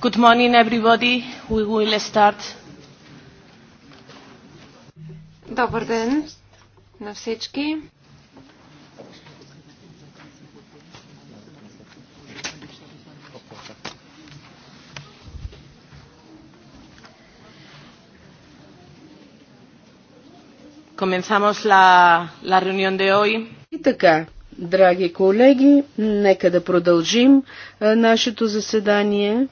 Good morning, everybody. We will start. Добър ден на всички. Comenzamos la, la reunión de hoy. И така, драги колеги, нека да продължим нашето заседание.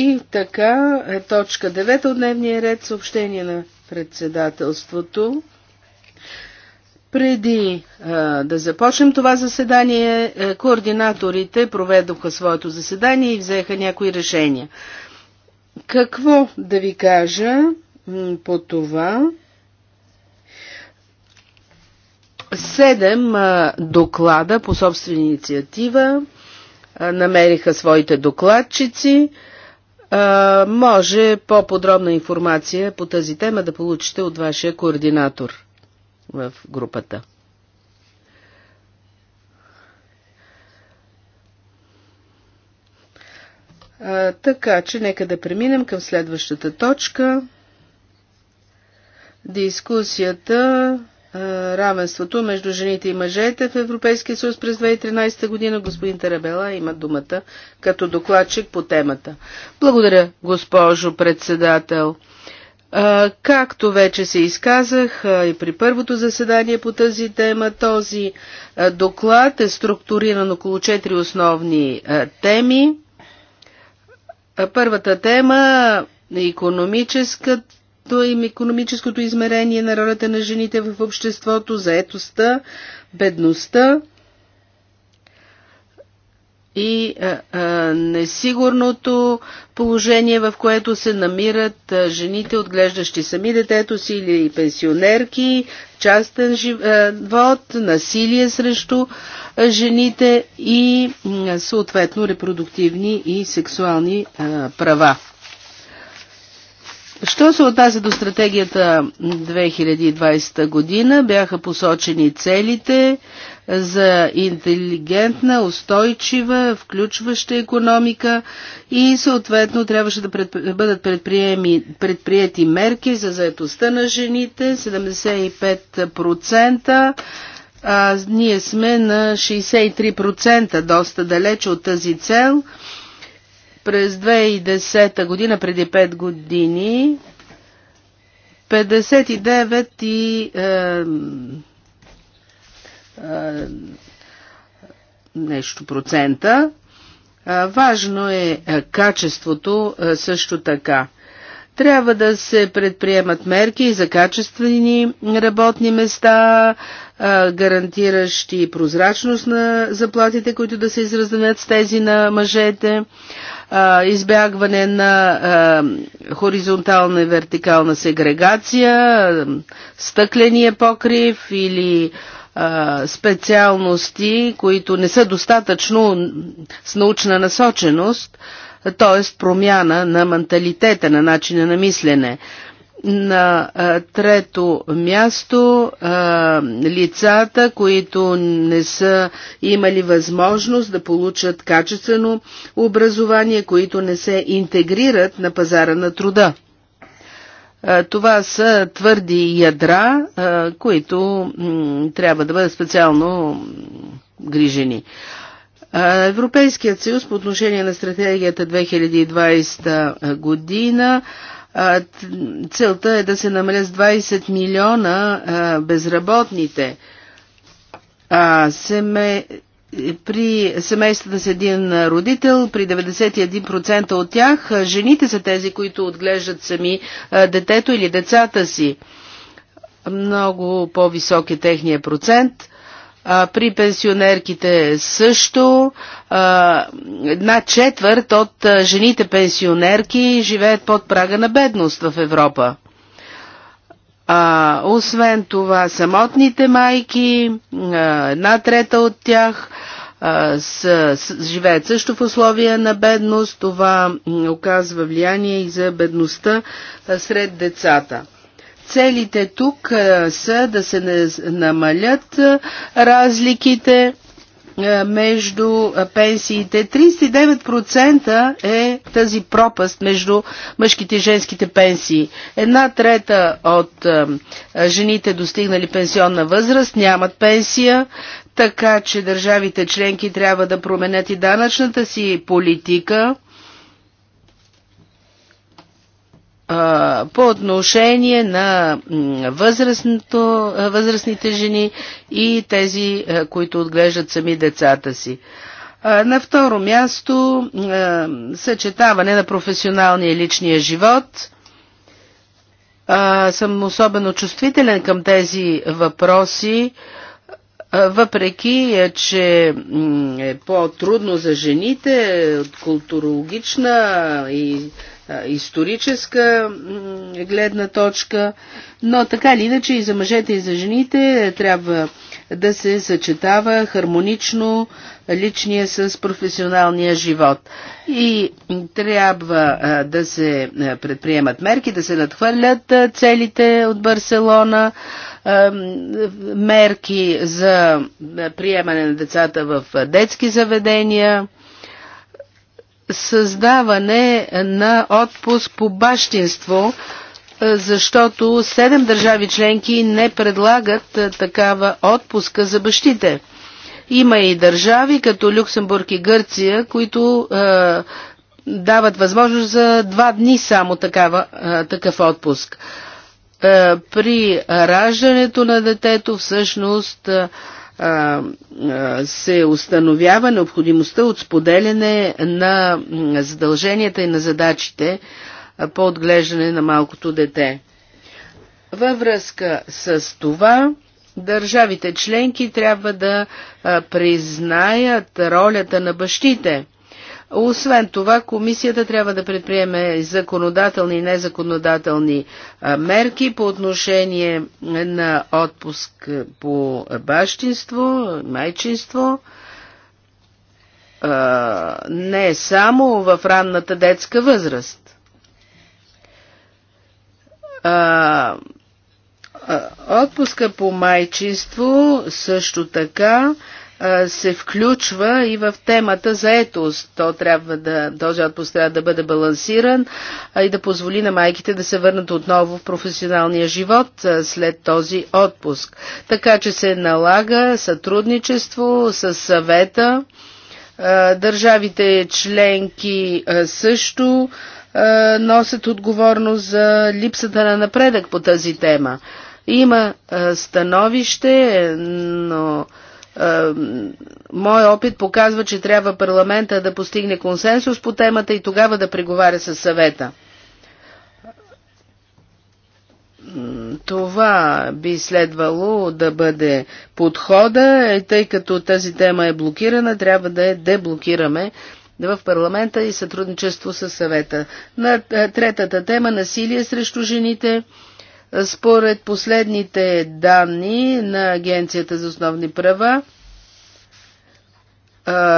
И така, е, точка 9 от дневния ред, съобщение на председателството. Преди а, е, да започнем това заседание, е, координаторите проведоха своето заседание и взеха някои решения. Какво да ви кажа по това? Седем а, доклада по собствена инициатива намериха своите докладчици. А, може по-подробна информация по тази тема да получите от вашия координатор в групата. А, така че нека да преминем към следващата точка. Дискусията равенството между жените и мъжете в Европейския съюз през 2013 година. Господин Тарабела има думата като докладчик по темата. Благодаря, госпожо председател. Както вече се изказах и при първото заседание по тази тема, този доклад е структуриран около четири основни теми. Първата тема е економическата то им економическото измерение на ролята на жените в обществото, заетостта, бедността и а, а, несигурното положение, в което се намират а, жените, отглеждащи сами детето си или пенсионерки, частен живот, насилие срещу а, жените и а, съответно репродуктивни и сексуални а, права. Що се отнася до стратегията 2020 година, бяха посочени целите за интелигентна, устойчива, включваща економика и съответно трябваше да бъдат предприяти мерки за заетостта на жените 75%. А, ние сме на 63%, доста далече от тази цел. През 2010 година, преди 5 години, 59 и е, е, нещо процента. Важно е качеството също така. Трябва да се предприемат мерки за качествени работни места, гарантиращи прозрачност на заплатите, които да се изразнят с тези на мъжете, избягване на хоризонтална и вертикална сегрегация, стъкления покрив или специалности, които не са достатъчно с научна насоченост, т.е. промяна на менталитета, на начина на мислене. На трето място лицата, които не са имали възможност да получат качествено образование, които не се интегрират на пазара на труда. Това са твърди ядра, които трябва да бъдат специално грижени. Европейският съюз по отношение на стратегията 2020 година целта е да се намаля с 20 милиона безработните. А семе... При семействата с един родител, при 91% от тях, жените са тези, които отглеждат сами детето или децата си. Много по-висок е техния процент – а, при пенсионерките също а, една четвърт от жените пенсионерки живеят под прага на бедност в Европа. А, освен това, самотните майки, а, една трета от тях с, с, живеят също в условия на бедност. Това оказва влияние и за бедността сред децата. Целите тук е, са да се намалят е, разликите е, между пенсиите. 39% е тази пропаст между мъжките и женските пенсии. Една трета от жените достигнали пенсионна възраст нямат пенсия, така че държавите членки трябва да променят и данъчната си политика по отношение на възрастните жени и тези, които отглеждат сами децата си. На второ място съчетаване на професионалния и личния живот. Съм особено чувствителен към тези въпроси, въпреки че е по-трудно за жените от културологична и историческа гледна точка, но така или иначе и за мъжете и за жените трябва да се съчетава хармонично личния с професионалния живот. И трябва да се предприемат мерки, да се надхвърлят целите от Барселона, мерки за приемане на децата в детски заведения, създаване на отпуск по бащинство, е, защото седем държави членки не предлагат е, такава отпуска за бащите. Има и държави, като Люксембург и Гърция, които е, дават възможност за два дни само такава, е, такъв отпуск. Е, при раждането на детето всъщност е, се установява необходимостта от споделяне на задълженията и на задачите по отглеждане на малкото дете. Във връзка с това, държавите членки трябва да признаят ролята на бащите – освен това, комисията трябва да предприеме законодателни и незаконодателни мерки по отношение на отпуск по бащинство, майчинство, не само в ранната детска възраст. Отпуска по майчинство също така се включва и в темата за етост. То трябва да, този отпуск трябва да бъде балансиран и да позволи на майките да се върнат отново в професионалния живот след този отпуск. Така че се налага сътрудничество с съвета. Държавите членки също носят отговорност за липсата на напредък по тази тема. Има становище, но Мой опит показва, че трябва парламента да постигне консенсус по темата и тогава да преговаря с съвета. Това би следвало да бъде подхода, е, тъй като тази тема е блокирана, трябва да я деблокираме в парламента и сътрудничество с съвета. На е, третата тема насилие срещу жените. Според последните данни на Агенцията за основни права,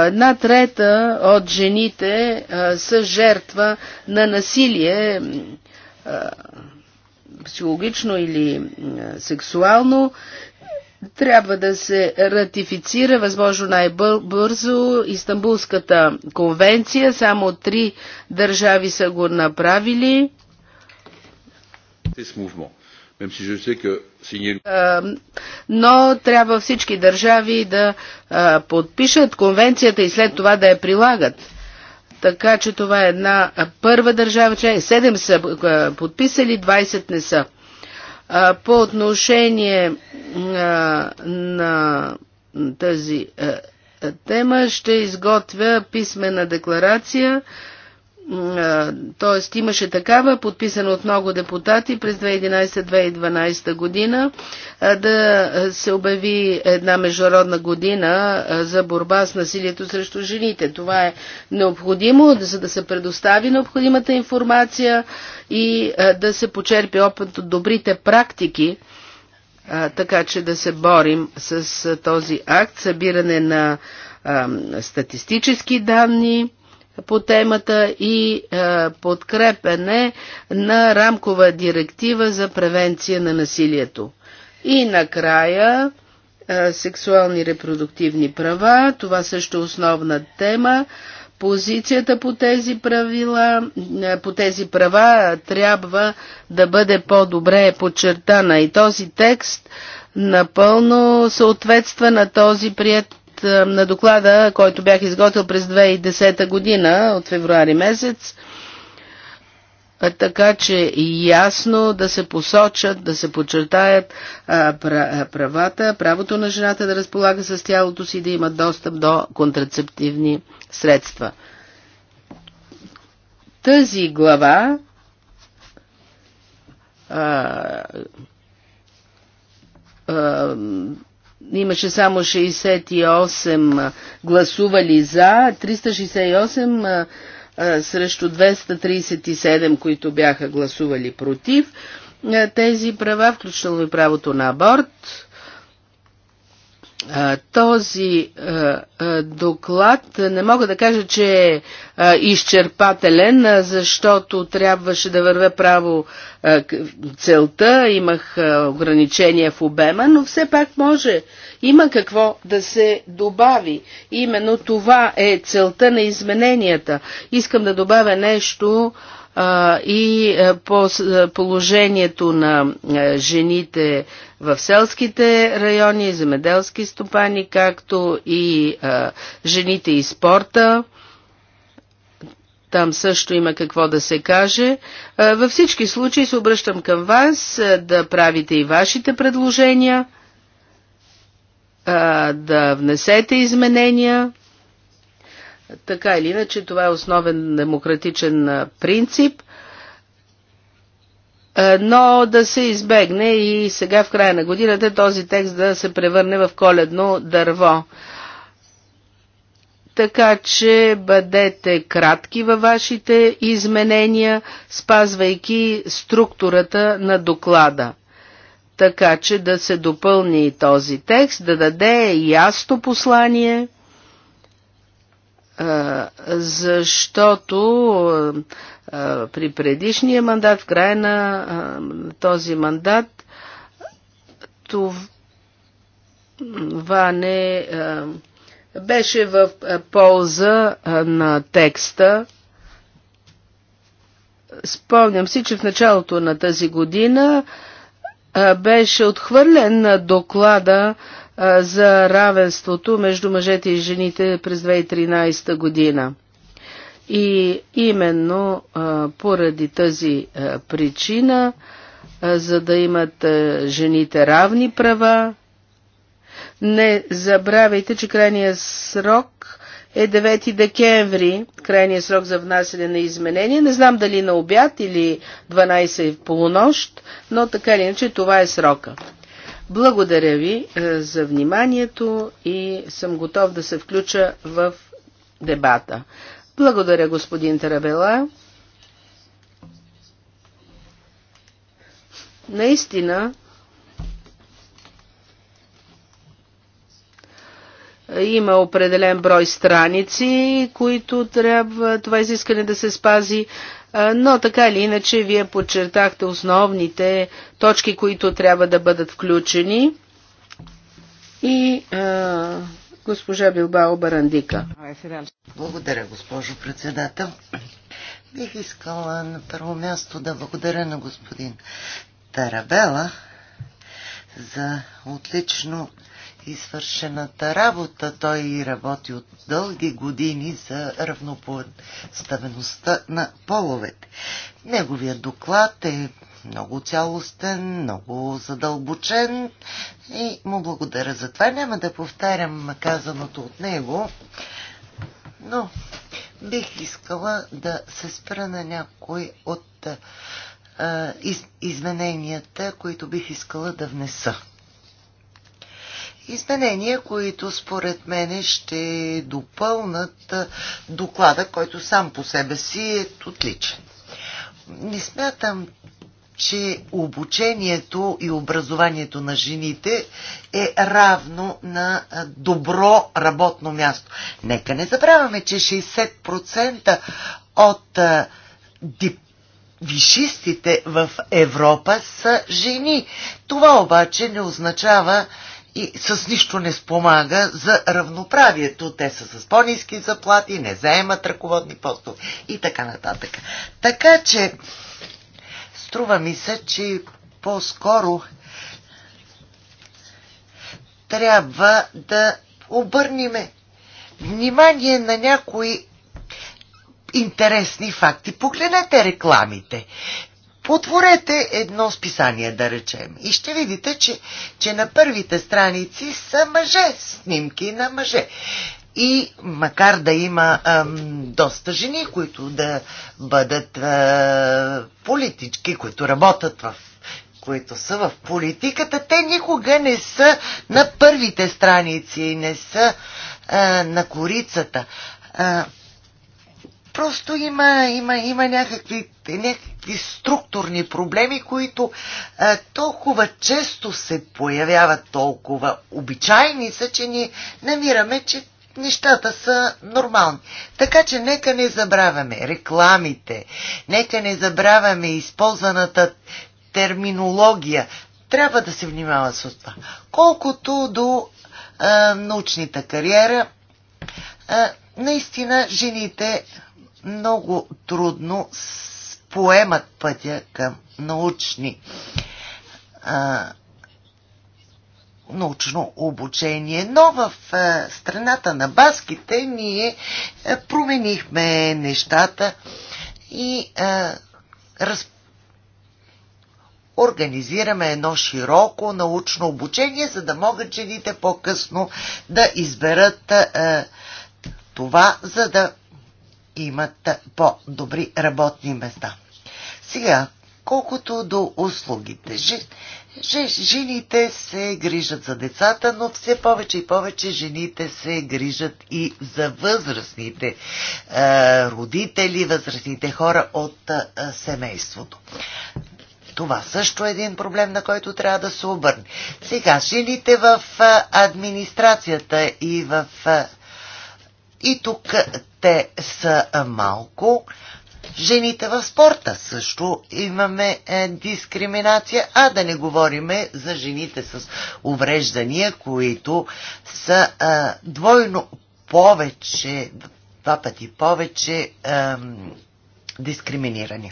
една трета от жените са жертва на насилие, психологично или сексуално. Трябва да се ратифицира възможно най-бързо Истанбулската конвенция. Само три държави са го направили. This movement. Но трябва всички държави да подпишат конвенцията и след това да я прилагат. Така че това е една първа държава, че 7 са подписали, 20 не са. По отношение на тази тема ще изготвя писмена декларация т.е. имаше такава, подписана от много депутати през 2011-2012 година, да се обяви една международна година за борба с насилието срещу жените. Това е необходимо, за да се предостави необходимата информация и да се почерпи опит от добрите практики, така че да се борим с този акт, събиране на статистически данни, по темата и е, подкрепене на рамкова директива за превенция на насилието. И накрая е, сексуални репродуктивни права. Това също е основна тема. Позицията по тези, правила, е, по тези права трябва да бъде по-добре подчертана и този текст напълно съответства на този прият е, на доклада, който бях изготвил през 2010 година от февруари месец, така че е ясно да се посочат, да се подчертаят правата, правото на жената да разполага с тялото си, да има достъп до контрацептивни средства. Тази глава а, а, имаше само 68 гласували за, 368 срещу 237, които бяха гласували против тези права, включително и правото на аборт този доклад не мога да кажа, че е изчерпателен, защото трябваше да вървя право целта, имах ограничения в обема, но все пак може. Има какво да се добави. Именно това е целта на измененията. Искам да добавя нещо, и е, по е, положението на е, жените в селските райони, земеделски стопани, както и жените и спорта. Там също има какво да се каже. Във всички случаи се обръщам към вас да правите и вашите предложения, да внесете изменения така или иначе, това е основен демократичен принцип, но да се избегне и сега в края на годината този текст да се превърне в коледно дърво. Така че бъдете кратки във вашите изменения, спазвайки структурата на доклада така че да се допълни този текст, да даде ясно послание – защото при предишния мандат, в края на този мандат, това не беше в полза на текста. Спомням си, че в началото на тази година беше отхвърлен доклада за равенството между мъжете и жените през 2013 година. И именно поради тази причина, за да имат жените равни права, не забравяйте, че крайният срок е 9 декември, крайният срок за внасяне на изменения. Не знам дали на обяд или 12 в полунощ, но така или иначе това е срока. Благодаря ви е, за вниманието и съм готов да се включа в дебата. Благодаря, господин Тарабела. Наистина, има определен брой страници, които трябва това изискане да се спази но така или иначе вие подчертахте основните точки, които трябва да бъдат включени. И а, госпожа Билбао Барандика. Благодаря, госпожо председател. Бих искала на първо място да благодаря на господин Тарабела за отлично извършената работа. Той работи от дълги години за равнопоставеността на половете. Неговият доклад е много цялостен, много задълбочен и му благодаря за това. Няма да повтарям казаното от него, но бих искала да се спра на някой от а, из, измененията, които бих искала да внеса изменения, които според мене ще допълнат доклада, който сам по себе си е отличен. Не смятам, че обучението и образованието на жените е равно на добро работно място. Нека не забравяме, че 60% от дип вишистите в Европа са жени. Това обаче не означава, и с нищо не спомага за равноправието. Те са с по-низки заплати, не заемат ръководни постове и така нататък. Така че, струва ми се, че по-скоро трябва да обърниме внимание на някои интересни факти. Погледнете рекламите. Отворете едно списание, да речем, и ще видите, че, че на първите страници са мъже, снимки на мъже. И макар да има ам, доста жени, които да бъдат а, политички, които работят в които са в политиката, те никога не са на първите страници, не са а, на корицата. А, Просто има, има, има някакви, някакви структурни проблеми, които а, толкова често се появяват, толкова обичайни са, че ни намираме, че нещата са нормални. Така че нека не забравяме рекламите, нека не забравяме използваната терминология. Трябва да се внимава с това. Колкото до а, научната кариера, а, наистина жените много трудно поемат пътя към научни а, научно обучение. Но в а, страната на баските ние а, променихме нещата и а, раз... организираме едно широко научно обучение, за да могат жените по-късно да изберат а, това, за да имат по-добри работни места. Сега, колкото до услугите. Жените се грижат за децата, но все повече и повече жените се грижат и за възрастните е, родители, възрастните хора от е, семейството. Това също е един проблем, на който трябва да се обърне. Сега, жените в е, администрацията и в. И тук те са малко. Жените в спорта също имаме е, дискриминация, а да не говориме за жените с увреждания, които са е, двойно повече, два пъти повече е, дискриминирани.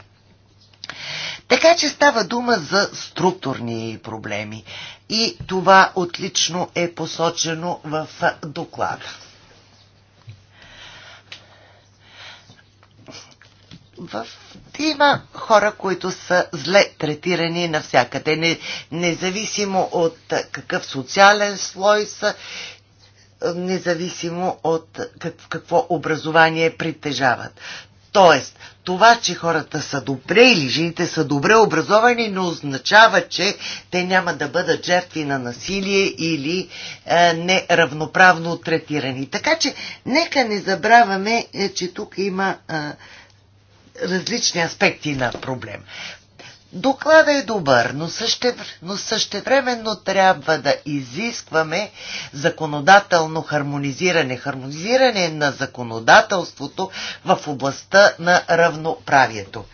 Така че става дума за структурни проблеми и това отлично е посочено в доклада. в... има хора, които са зле третирани навсякъде, не, независимо от какъв социален слой са, независимо от как, какво образование притежават. Тоест, това, че хората са добре или жените са добре образовани, не означава, че те няма да бъдат жертви на насилие или е, неравноправно третирани. Така че, нека не забравяме, е, че тук има е, различни аспекти на проблем. Доклада е добър, но, съще, но същевременно трябва да изискваме законодателно хармонизиране, хармонизиране на законодателството в областта на равноправието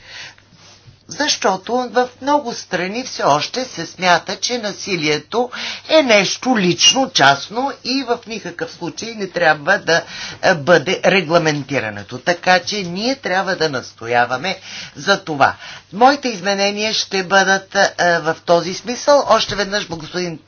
защото в много страни все още се смята, че насилието е нещо лично, частно и в никакъв случай не трябва да е, бъде регламентирането. Така че ние трябва да настояваме за това. Моите изменения ще бъдат е, в този смисъл. Още веднъж господин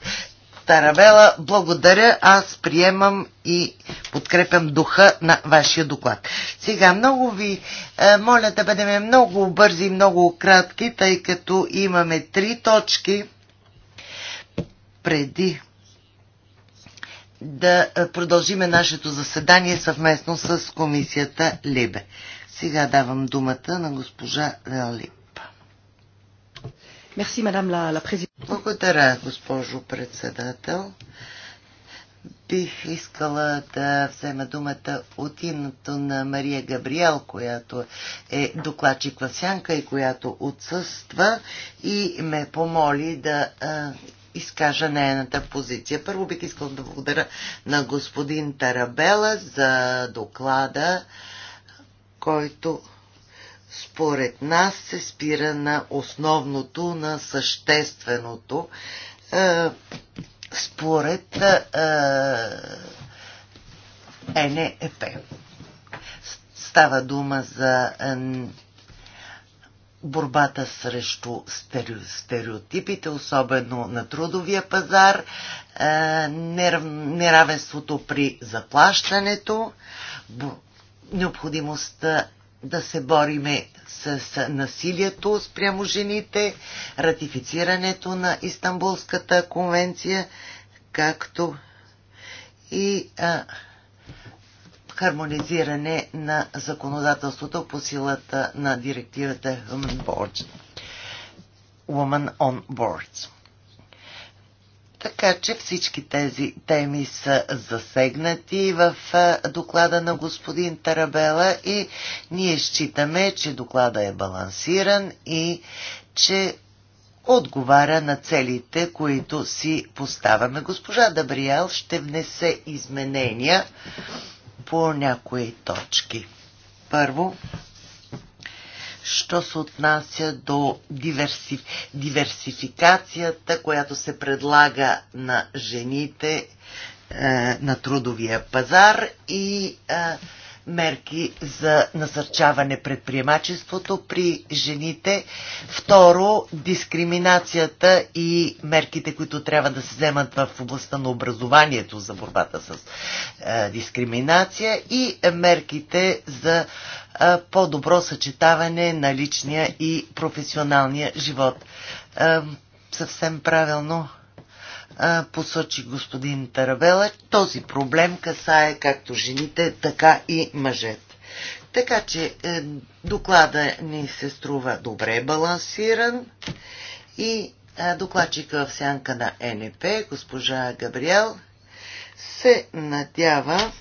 Тарабела, благодаря. Аз приемам и подкрепям духа на вашия доклад. Сега много ви е, моля да бъдем много бързи и много кратки, тъй като имаме три точки преди да е, продължиме нашето заседание съвместно с комисията Либе. Сега давам думата на госпожа Лалик. Merci, madame la, la Благодаря, госпожо председател. Бих искала да взема думата от името на Мария Габриел, която е докладчик в Сянка и която отсъства и ме помоли да изкажа нейната позиция. Първо бих искала да благодаря на господин Тарабела за доклада, който според нас се спира на основното, на същественото, е, според е, е, НЕП. Става дума за борбата срещу стереотипите, особено на трудовия пазар, неравенството при заплащането, необходимостта да се бориме с, с насилието спрямо жените, ратифицирането на Истанбулската конвенция, както и а, хармонизиране на законодателството по силата на директивата Women, Women on Boards. Така че всички тези теми са засегнати в доклада на господин Тарабела и ние считаме, че доклада е балансиран и че отговаря на целите, които си поставяме. Госпожа Дабриел ще внесе изменения по някои точки. Първо, що се отнася до диверси, диверсификацията, която се предлага на жените е, на трудовия пазар и е, мерки за насърчаване предприемачеството при жените. Второ, дискриминацията и мерките, които трябва да се вземат в областта на образованието за борбата с е, дискриминация и мерките за е, по-добро съчетаване на личния и професионалния живот. Е, съвсем правилно посочи господин Тарабела, този проблем касае както жените, така и мъжете. Така че е, доклада ни се струва добре балансиран и е, докладчика в сянка на НП, госпожа Габриел, се надява,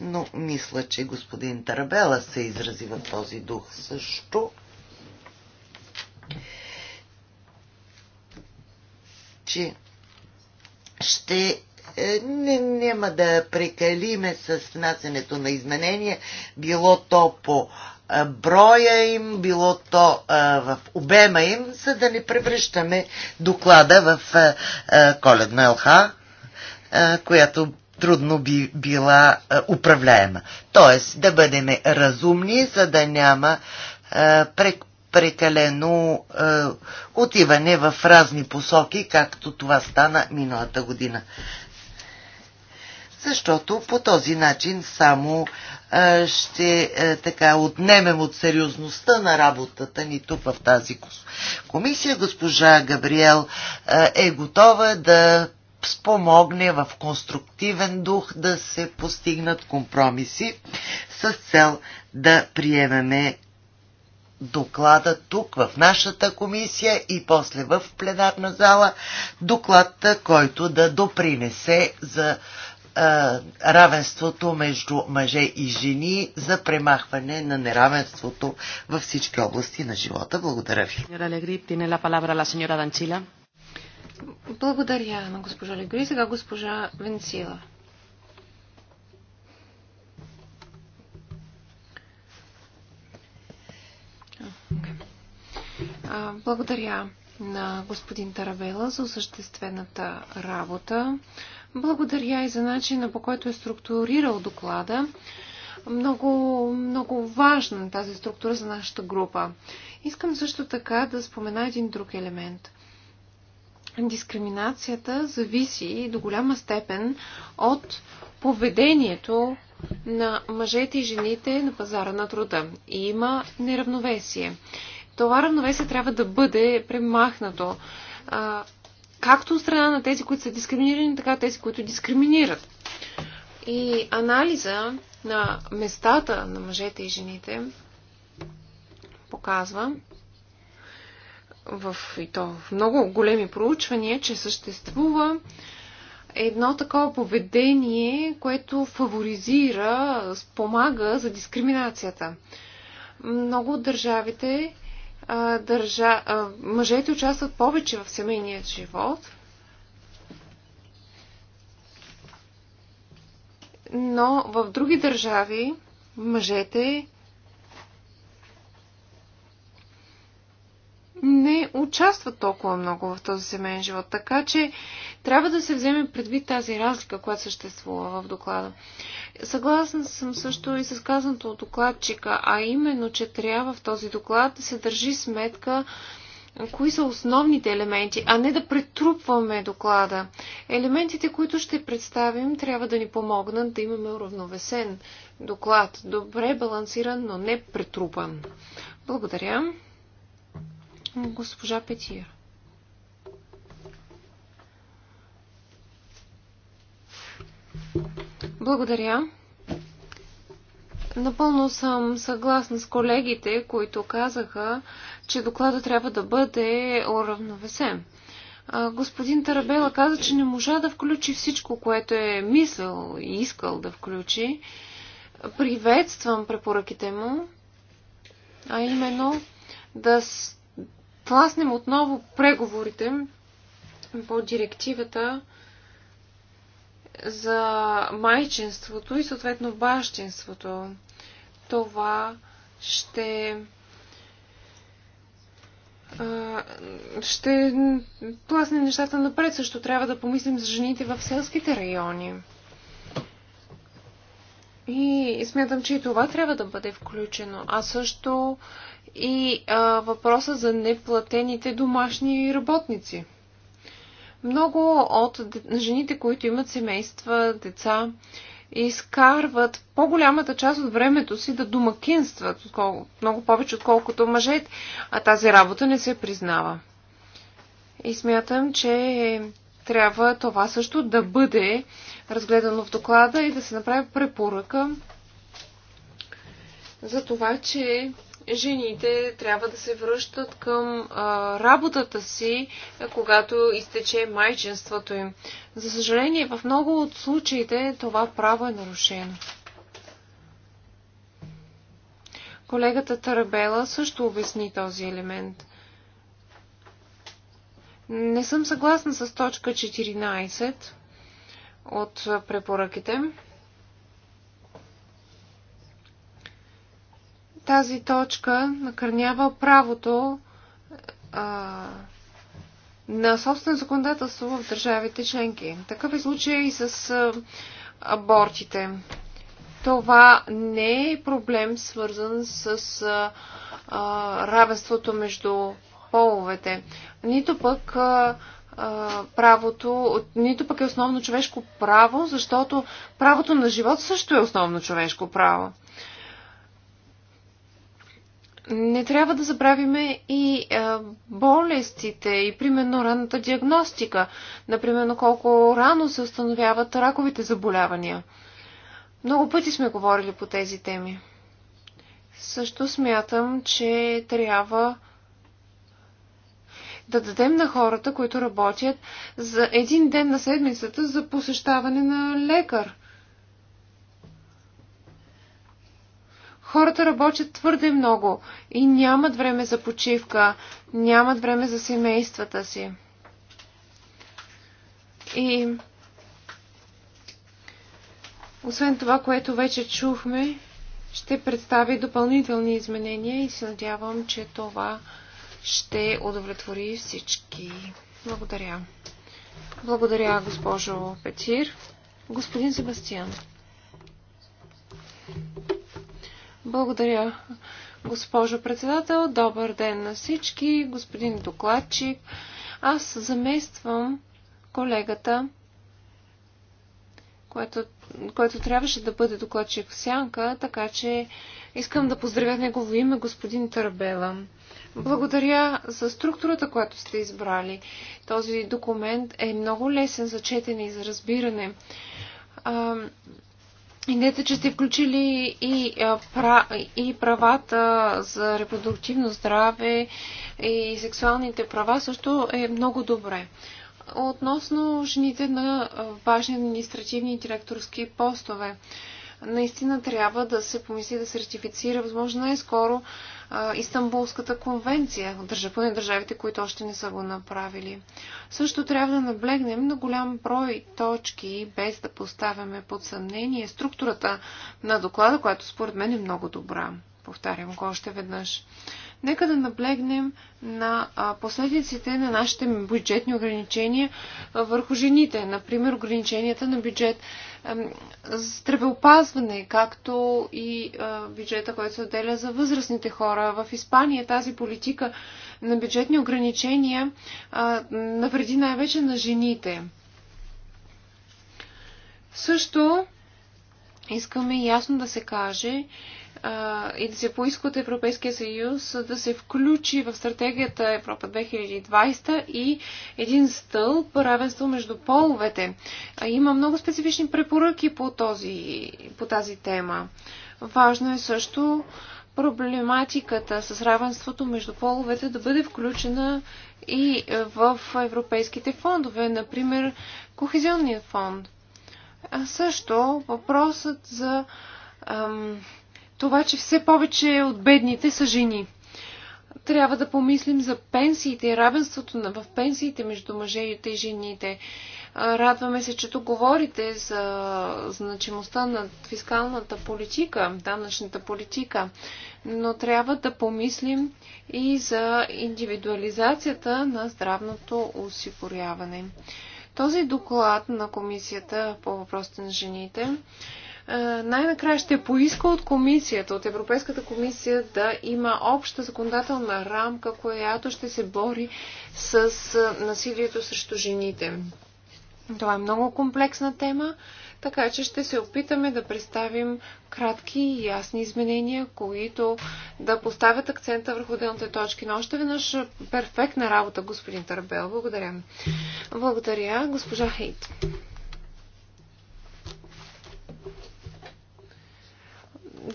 но мисля, че господин Тарабела се изрази в този дух също, че ще е, не, няма да прекалиме с внасенето на изменения, било то по е, броя им, било то а, е, в обема им, за да не превръщаме доклада в а, а, коледна ЛХ, а, която трудно би била а, управляема. Тоест да бъдем разумни, за да няма а, прек, прекалено е, отиване в разни посоки, както това стана миналата година. Защото по този начин само е, ще е, така отнемем от сериозността на работата ни тук в тази комисия. Госпожа Габриел е, е готова да спомогне в конструктивен дух да се постигнат компромиси с цел да приемеме доклада тук в нашата комисия и после в пленарна зала доклад, който да допринесе за а, равенството между мъже и жени за премахване на неравенството във всички области на живота. Благодаря ви. Благодаря на госпожа Легри. Сега госпожа Венцила. Благодаря на господин Тарабела за осъществената работа. Благодаря и за начина по който е структурирал доклада. Много, много важна тази структура за нашата група. Искам също така да спомена един друг елемент. Дискриминацията зависи до голяма степен от поведението на мъжете и жените на пазара на труда. И има неравновесие това равновесие трябва да бъде премахнато. А, както от страна на тези, които са дискриминирани, така и тези, които дискриминират. И анализа на местата на мъжете и жените показва, в, и то в много големи проучвания, че съществува едно такова поведение, което фаворизира, спомага за дискриминацията. Много от държавите а, държа, а, мъжете участват повече в семейния живот, но в други държави мъжете не участват толкова много в този семейен живот. Така че трябва да се вземе предвид тази разлика, която съществува в доклада. Съгласна съм също и с казаното от докладчика, а именно, че трябва в този доклад да се държи сметка кои са основните елементи, а не да претрупваме доклада. Елементите, които ще представим, трябва да ни помогнат да имаме уравновесен доклад, добре балансиран, но не претрупан. Благодаря. Госпожа Петир. Благодаря. Напълно съм съгласна с колегите, които казаха, че доклада трябва да бъде уравновесен. Господин Тарабела каза, че не можа да включи всичко, което е мислил и искал да включи. Приветствам препоръките му, а именно да тласнем отново преговорите по директивата за майчинството и съответно бащинството. Това ще ще тласнем нещата напред. Също трябва да помислим за жените в селските райони. И смятам, че и това трябва да бъде включено. А също и а, въпроса за неплатените домашни работници. Много от жените, които имат семейства, деца, изкарват по-голямата част от времето си да домакинстват, много повече отколкото мъжете, а тази работа не се признава. И смятам, че трябва това също да бъде разгледано в доклада и да се направи препоръка за това, че жените трябва да се връщат към а, работата си, когато изтече майчинството им. За съжаление, в много от случаите това право е нарушено. Колегата Тарабела също обясни този елемент. Не съм съгласна с точка 14 от препоръките. Тази точка накърнява правото а, на собствено законодателство в държавите членки. Такъв е случай и с а, абортите. Това не е проблем свързан с а, а, равенството между половете, нито пък а, правото, нито пък е основно човешко право, защото правото на живот също е основно човешко право не трябва да забравиме и а, е, болестите, и примерно ранната диагностика, например колко рано се установяват раковите заболявания. Много пъти сме говорили по тези теми. Също смятам, че трябва да дадем на хората, които работят, за един ден на седмицата за посещаване на лекар. Хората работят твърде много и нямат време за почивка, нямат време за семействата си. И освен това, което вече чухме, ще представи допълнителни изменения и се надявам, че това ще удовлетвори всички. Благодаря. Благодаря, госпожо Петир. Господин Себастиан. Благодаря, госпожо председател. Добър ден на всички, господин докладчик. Аз замествам колегата, което, което трябваше да бъде докладчик в сянка, така че искам да поздравя негово име господин Тарабела. Благодаря за структурата, която сте избрали. Този документ е много лесен за четене и за разбиране. Идеята, е, че сте включили и, и правата за репродуктивно здраве и сексуалните права също е много добре. Относно жените на важни административни и директорски постове, наистина трябва да се помисли да се ратифицира възможно най-скоро е а, Истанбулската конвенция Държа поне държавите, които още не са го направили. Също трябва да наблегнем на голям брой точки, без да поставяме под съмнение структурата на доклада, която според мен е много добра. Повтарям го още веднъж. Нека да наблегнем на последиците на нашите бюджетни ограничения върху жените. Например, ограниченията на бюджет здравеопазване, както и бюджета, който се отделя за възрастните хора. В Испания тази политика на бюджетни ограничения навреди най-вече на жените. Също искаме ясно да се каже, и да се поиска от Европейския съюз да се включи в стратегията Европа 2020 и един стълб равенство между половете. Има много специфични препоръки по, този, по тази тема. Важно е също проблематиката с равенството между половете да бъде включена и в европейските фондове, например Кохезионния фонд. А също въпросът за ам, това, че все повече от бедните са жени. Трябва да помислим за пенсиите и равенството в пенсиите между мъжеите и жените. Радваме се, че тук говорите за значимостта на фискалната политика, данъчната политика, но трябва да помислим и за индивидуализацията на здравното осигуряване. Този доклад на Комисията по въпросите на жените е, най-накрая ще поиска от комисията, от Европейската комисия да има обща законодателна рамка, която ще се бори с е, насилието срещу жените. Това е много комплексна тема, така че ще се опитаме да представим кратки и ясни изменения, които да поставят акцента върху отделните точки. Но още веднъж е, перфектна работа, господин Тарбел. Благодаря. Благодаря, госпожа Хейт.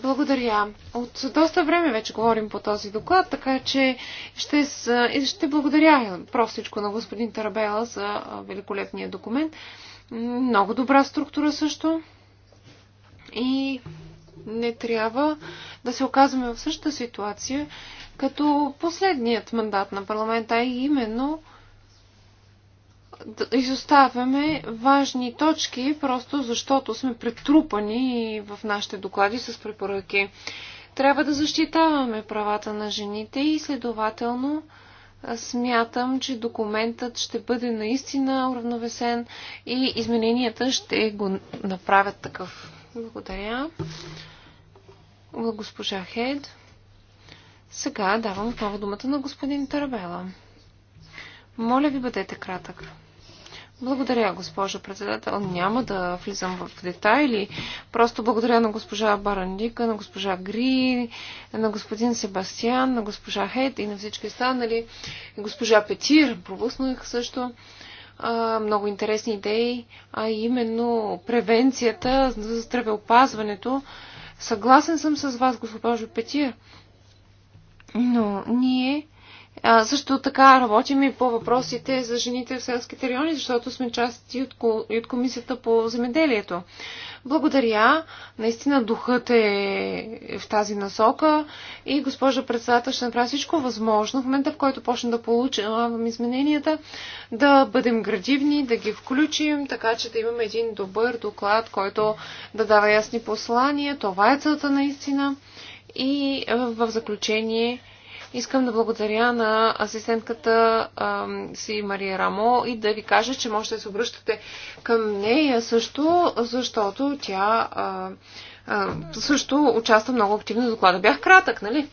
Благодаря. От доста време вече говорим по този доклад, така че ще, с... ще благодаря простичко на господин Тарабела за великолепния документ. Много добра структура също. И не трябва да се оказваме в същата ситуация като последният мандат на парламента, е именно изоставяме важни точки, просто защото сме претрупани в нашите доклади с препоръки. Трябва да защитаваме правата на жените и следователно смятам, че документът ще бъде наистина уравновесен и измененията ще го направят такъв. Благодаря. Госпожа Хед. Сега давам отново думата на господин Тарабела. Моля ви, бъдете кратък. Благодаря, госпожо председател. Няма да влизам в детайли. Просто благодаря на госпожа Барандика, на госпожа Гри, на господин Себастиан, на госпожа Хейт и на всички останали. Госпожа Петир, пропуснах също а, много интересни идеи, а именно превенцията за здравеопазването. Съгласен съм с вас, госпожо Петир, но ние а, също така работим и по въпросите за жените в селските райони, защото сме част от, от Комисията по земеделието. Благодаря. Наистина духът е в тази насока и госпожа председател ще направи всичко възможно в момента, в който почна да получим измененията, да бъдем градивни, да ги включим, така че да имаме един добър доклад, който да дава ясни послания. Това е целта наистина. И в заключение Искам да благодаря на асистентката си Мария Рамо и да ви кажа, че можете да се обръщате към нея също, защото тя а, а, също участва много активно в доклада. Бях кратък, нали?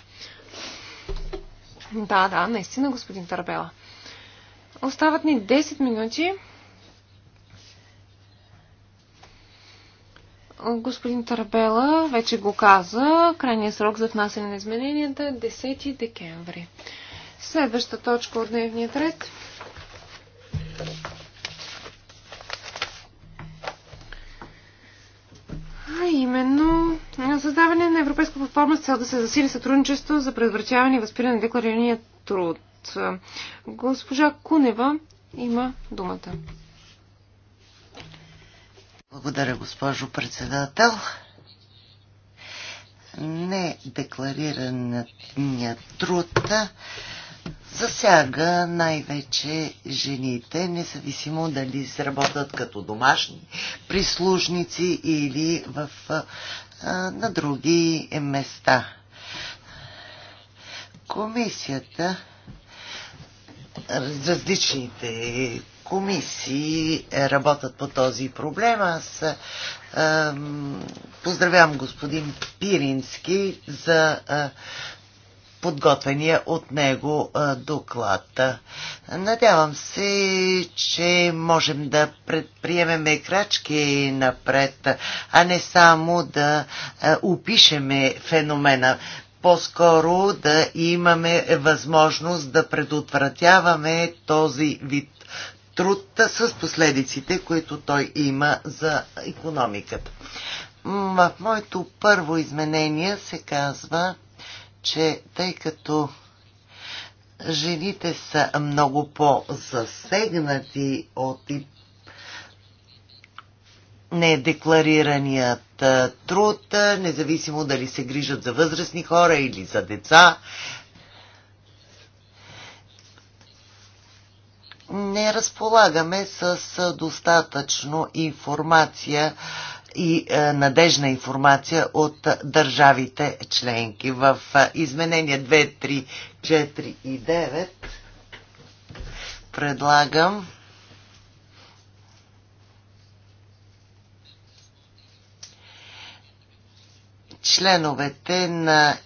Да, да, наистина, господин Тарбела. Остават ни 10 минути. Господин Тарабела вече го каза. Крайният срок за внасяне на измененията е 10 декември. Следваща точка от дневния ред. А именно създаване на европейска платформа с цел да се засили сътрудничество за предотвратяване и възпиране на декларирания труд. Госпожа Кунева има думата. Благодаря, госпожо председател. Не Недекларираният труд засяга най-вече жените, независимо дали се работят като домашни прислужници или в, а, на други места. Комисията различните комисии работят по този проблем. Аз а, поздравявам господин Пирински за а, подготвения от него а, доклад. Надявам се, че можем да предприемеме крачки напред, а не само да а, опишеме феномена по-скоро да имаме възможност да предотвратяваме този вид труд с последиците, които той има за економиката. В моето първо изменение се казва, че тъй като жените са много по-засегнати от недекларираният труд, независимо дали се грижат за възрастни хора или за деца, не разполагаме с достатъчно информация и е, надежна информация от държавите членки. В изменения 2, 3, 4 и 9 предлагам членовете на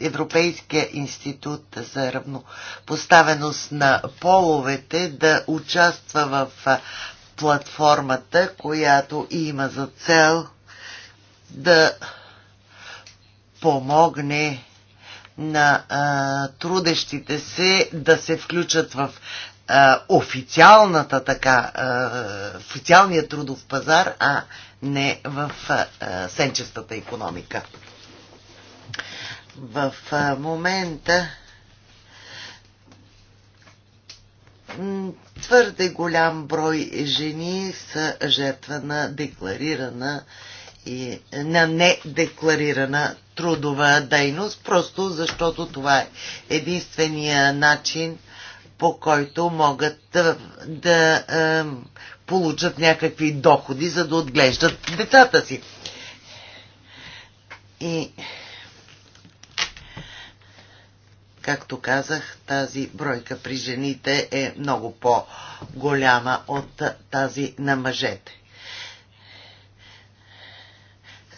Европейския институт за равнопоставеност на половете да участва в платформата, която има за цел да помогне на а, трудещите се да се включат в а, официалната така, а, официалния трудов пазар, а не в сенчестата економика. В момента твърде голям брой жени са жертва на декларирана и на недекларирана трудова дейност, просто защото това е единствения начин по който могат да, да е, получат някакви доходи, за да отглеждат децата си. И, както казах, тази бройка при жените е много по-голяма от тази на мъжете.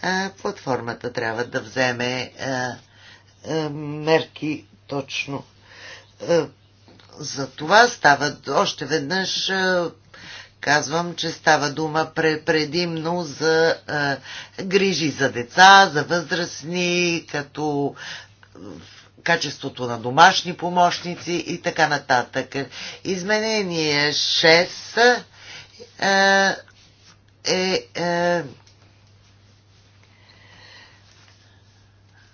А, платформата трябва да вземе а, е, а, е, мерки точно е, за това става още веднъж е, казвам, че става дума предимно за е, грижи за деца, за възрастни, като е, качеството на домашни помощници и така нататък. Изменение 6 е, е, е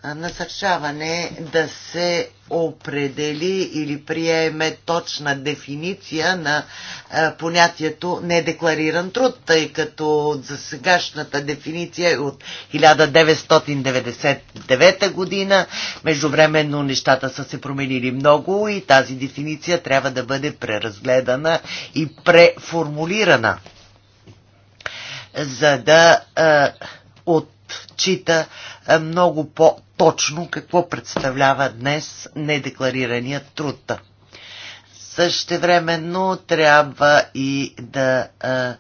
насърчаване да се определи или приеме точна дефиниция на понятието недеклариран труд, тъй като за сегашната дефиниция е от 1999 година. Междувременно нещата са се променили много и тази дефиниция трябва да бъде преразгледана и преформулирана, за да от отчита е, много по-точно какво представлява днес недекларираният труд. Същевременно трябва и да а, е,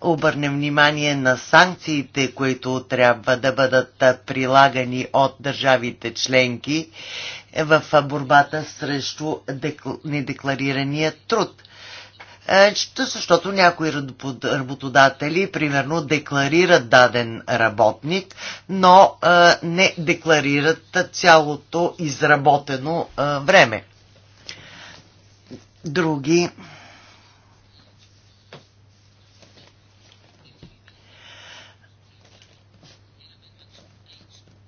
обърнем внимание на санкциите, които трябва да бъдат е, прилагани от държавите членки в борбата срещу недекларирания труд. Е, защото някои работодатели, примерно, декларират даден работник, но е, не декларират цялото изработено е, време. Други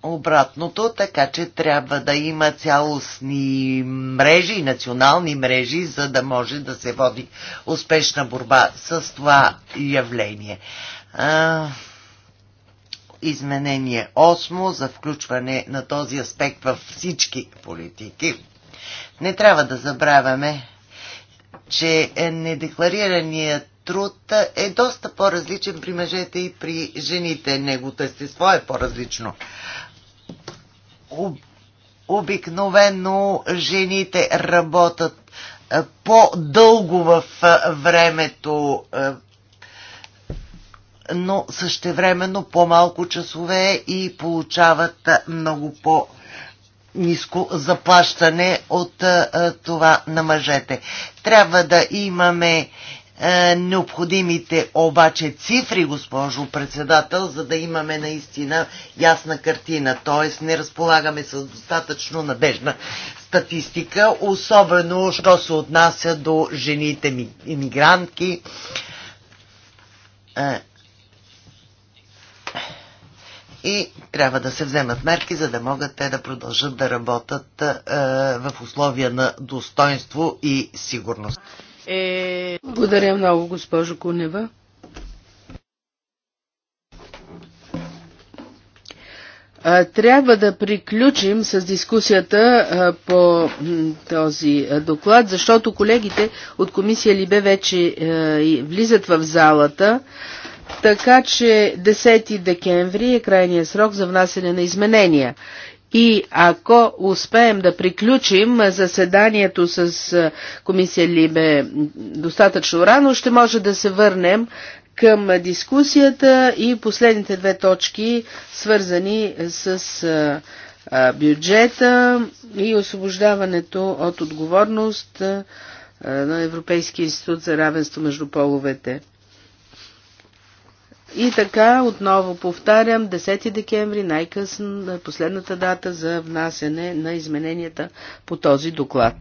обратното, така че трябва да има цялостни мрежи, национални мрежи, за да може да се води успешна борба с това явление. А, изменение 8 за включване на този аспект във всички политики. Не трябва да забравяме, че недекларираният труд е доста по-различен при мъжете и при жените. Негото естество е по-различно обикновено жените работят е, по-дълго в е, времето, е, но същевременно по-малко часове и получават много по- ниско заплащане от това на мъжете. Трябва да имаме е, необходимите обаче цифри, госпожо председател, за да имаме наистина ясна картина. Т.е. не разполагаме с достатъчно надежна статистика, особено що се отнася до жените иммигрантки. Е, и трябва да се вземат мерки, за да могат те да продължат да работят е, в условия на достоинство и сигурност. Е... Благодаря много, госпожо Кунева. Трябва да приключим с дискусията по този доклад, защото колегите от комисия Либе вече влизат в залата, така че 10 декември е крайният срок за внасене на изменения. И ако успеем да приключим заседанието с комисия Либе достатъчно рано, ще може да се върнем към дискусията и последните две точки, свързани с бюджета и освобождаването от отговорност на Европейския институт за равенство между половете. И така, отново повтарям, 10 декември най-късно е последната дата за внасене на измененията по този доклад.